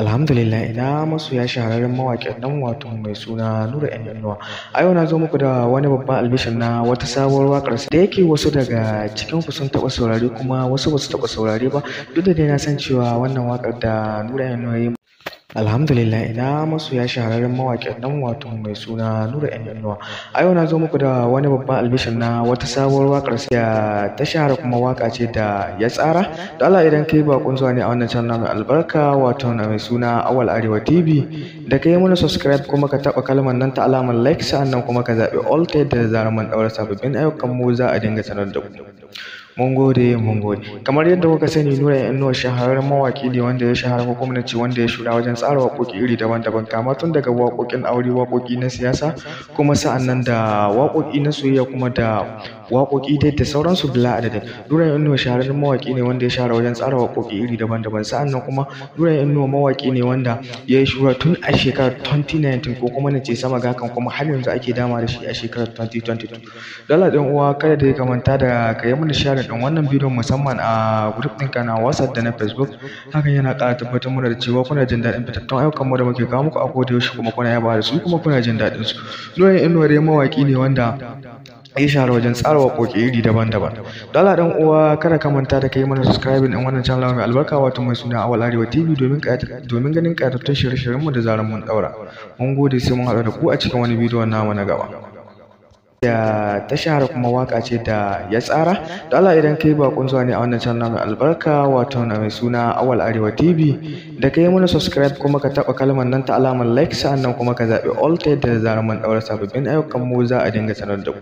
Alhamdulillah ina masu ya shahararren mawaƙin nan wato mai suna Nura ‘yan Yannuwa. A yau na zo muku da wani babban albishin na wata sabuwar waƙar da yake wasu daga cikin ku sun taɓa saurare kuma wasu ba su taɓa saurare ba duk da dai na san cewa wannan waƙar da Nura ‘yan Yannuwa Alhamdulillah ina masu ya shahararren mawaƙin nan wato mai suna Nura ‘yan A yau na zo muku da wani babban albishin na wata sabuwar waƙar siya ta shahara kuma waƙa ce da ya tsara. Da Allah idan kai bakon zuwa ne a wannan channel mai albarka wato na mai suna Awal Arewa TV. Da kai mana subscribe kuma ka taɓa kalmar nan ta alamar like sa'annan kuma ka zaɓi all ta yadda zarar mun ɗaura sababbin ayyukan mu za a dinga sanar da ku. mun gode mun gode kamar yadda kuka sani nura yan nuwa shahararren mawaƙi ne wanda ya shahara ko kuma na ce wanda ya shura wajen tsara waƙoƙi iri daban-daban kama tun daga waƙoƙin aure waƙoƙi na siyasa kuma sa'annan da waƙoƙi na soyayya kuma da waƙoƙi dai da sauransu bila dura yin nuna shahararren mawaƙi ne wanda ya share wajen tsara waƙoƙi iri daban-daban sa'annan kuma yin nuna mawaƙi ne wanda ya yi shura tun a shekarar 2019 ko kuma na ce sama gakan kuma har yanzu ake dama da shi a shekarar 2022 dala ɗan uwa kada da ka manta da ka yi mana share ɗin wannan bidiyon musamman a group ɗinka na WhatsApp da na Facebook hakan yana ƙara tabbatar mana da cewa kuna jin daɗin ingantattun ayyukan mu da muke kawo muku a koda yaushe kuma kuna yaba da su kuma kuna jin daɗin su Nura Inuwa dai mawaki ne wanda ya shahara wajen tsara waƙoƙi iri daban-daban dala ɗan uwa kada ka manta da kai mana subscribing ɗin wannan channel mai albarka wato mai suna awal arewa tv domin ganin ƙayatattun shirye-shiryen mu da zaran mun daura mun gode sai mun haɗu da ku a cikin wani bidiyon namu na gaba da ta shahara kuma waka ce da ya tsara da Allah idan kai bakon zuwa ne a wannan channel mai albarka wato na mai suna Awal Arewa TV da kai mana subscribe kuma ka taba kalmar nan ta alamar like sa'annan kuma ka zaɓi all da zarar daura sababbin ayyukan mu za a dinga sanar da ku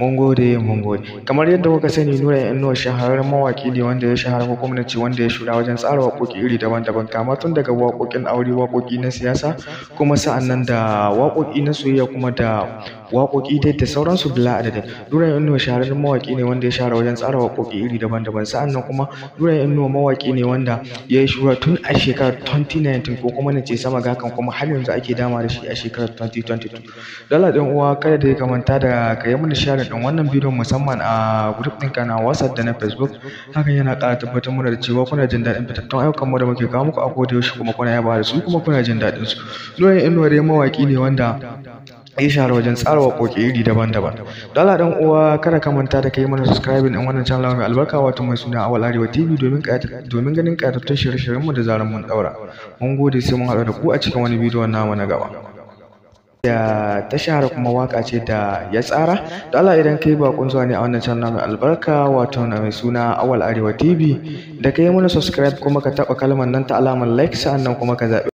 Mun gode, mun gode. Kamar yadda kuka sani Nura ya Inuwa shahararren mawaƙi ne wanda ya shahara ko kuma nace wanda ya shura wajen tsara waƙoƙi iri daban-daban kama tun daga waƙoƙin aure, waƙoƙi na siyasa kuma sa'annan da waƙoƙi na soyayya kuma da waƙoƙi dai da sauransu bila adadin. Nura ya Inuwa shahararren mawaƙi ne wanda ya shahara wajen tsara waƙoƙi iri daban-daban sa'annan kuma Nura ya Inuwa mawaƙi ne wanda ya yi shura tun a shekarar 2019 ko kuma nace sama ga hakan kuma har yanzu ake dama da shi a shekarar 2022. Dala ɗan uwa kada da ya kamanta da ka yi mana sharin ɗin wannan bidiyon musamman a group ɗinka na WhatsApp da na Facebook hakan yana ƙara tabbatar mana da cewa kuna jin daɗin fitattun ayyukan mu da muke kawo muku a koda yaushe kuma kuna yaba da su kuma kuna jin daɗin su Nura Inuwa dai mawaƙi ne wanda ya shahara wajen tsara waƙoƙi iri daban-daban. Dala ɗan uwa kada ka manta da kai mana subscribing ɗin wannan channel mai albarka wato mai suna Awal Arewa TV domin domin ganin ƙayatattun shirye-shiryen mu da zaran mun ɗaura. Mun gode sai mun haɗu da ku a cikin wani bidiyon namu na gaba. da ta shahara kuma waka ce da ya tsara da Allah idan kai bakon zuwa ne a wannan channel mai albarka wato na mai suna Awal Arewa TV da kai mana subscribe kuma ka taba kalmar nan ta alamar like sannan kuma ka zabi